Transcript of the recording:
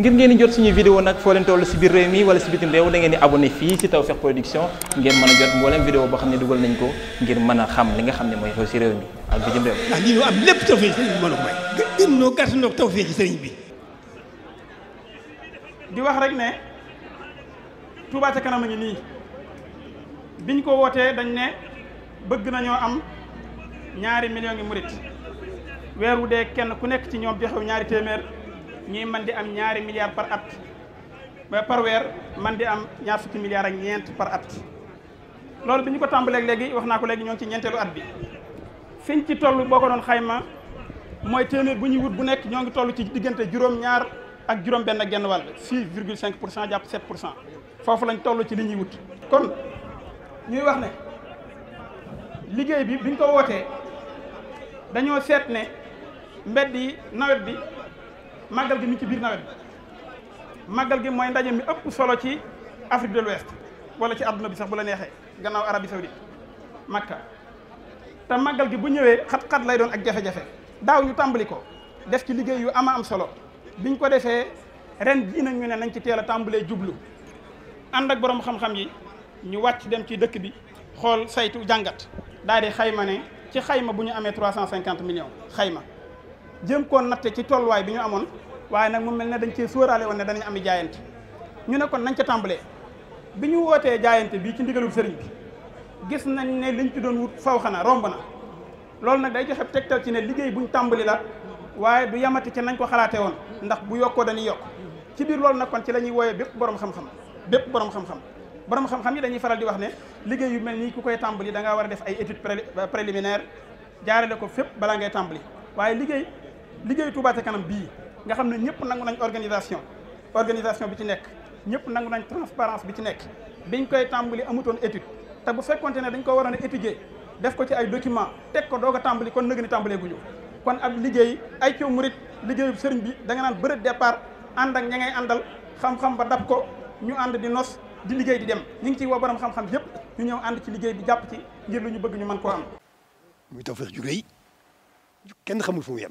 ngir ngeen jot suñu vidéo nag foo leen toll si biir réew mi wala si bitim réew da ngeen di abonné fii si Tawfekh Production ngeen mën a jot mboolem vidéo boo xam ne dugal nañ ko ngir mën a xam li nga xam ne mooy xew si réew mi ak bitim réew. ndax lii ñu am di wax rek ne Touba ca kanam a ngi nii biñ ko wootee dañ ne bëgg nañoo am ñaari millions ngi murit weer wu dee kenn ku nekk ci ñoom joxew ñaari téeméer. ñuy man di am ñaari milliards par at ba par weer man di am ñaar fukki milliards ak ñeent par at loolu bi ñu ko tàmbalee léegi wax naa ko léegi ñoo ngi ci ñeenteelu at bi fiñ ci toll boo ko doon xayma mooy téeméer bu ñuy wut bu nekk ñoo ngi toll ci diggante juróom-ñaar ak juróom-benn ak genn wàll 6 virgule cinq pour cent jàpp 7 pour cent foofu lañ toll ci li ñuy wut. kon ñuy wax ne liggéey bi biñ ko wootee dañoo seet ne mbedd yi nawet bi. màggal gi mi ci biir nawet bi màggal gi mooy ndaje mi ëpp solo ci Afrique de l'Ouest wala ci àdduna bi sax bu la neexee gannaaw Arabie Saoudite Makka te màggal gi bu ñëwee xat-xat lay doon ak jafe-jafe daaw ñu tàmbali ko def ci liggéey yu ama am solo biñ ko defee ren jii nañu ne nañ ci teel a tàmbalee jublu ànd ak borom xam-xam yi ñu wàcc dem ci dëkk bi xool saytu jàngat daal di xayma ne ci xayma bu ñu amee 350 millions xayma. jëm koon natte ci tolluwaay bi ñu amoon waaye nag mu mel na dañ cee sóoraale woon ne danañ ami jaayante ñu ne kon nañ ca tàmbalee bi ñu wootee jaayante bii ci ndigalul sëriñ bi gis nañ ne liñ ci doon wut faw xanaa romb na loolu nag day joxe tegtal ci ne liggéey buñ tàmbali la waaye du yamati ci nañ ko xalaatee woon ndax bu yokkoo dañuy yokk ci biir loolu nag kon ci la ñuy wooyee bépp borom xam-xam bépp borom xam-xam borom xam-xam yi dañuy faral di wax ne liggéey yu mel nii ku koy tàmbali da war a def ay études préliminaires jaarale ko fépp balaa ngay tàmbali liggéeyu Touba ca kanam bii nga xam ne ñëpp nangu nañ organisation organisation bi ci nekk ñëpp nangu nañ transparence bi ci nekk biñ koy tàmbali amutoon étude te bu fekkonte ne dañ ko waroon a étudier def ko ci ay document teg ko doog a tàmbali kon nëg ni tàmbalee guñu kon ab liggéey ay coow murit liggéeyu sëriñ bi da nga naan bëre départ ànd ak ña ngay àndal xam-xam ba dab ko ñu ànd di nos di liggéey di dem ñu ngi ciy woo borom xam-xam yépp ñu ànd ci liggéey bi jàpp ci ngir ñu bëgg ñu mën koo am. muy kenn xamul fu yem.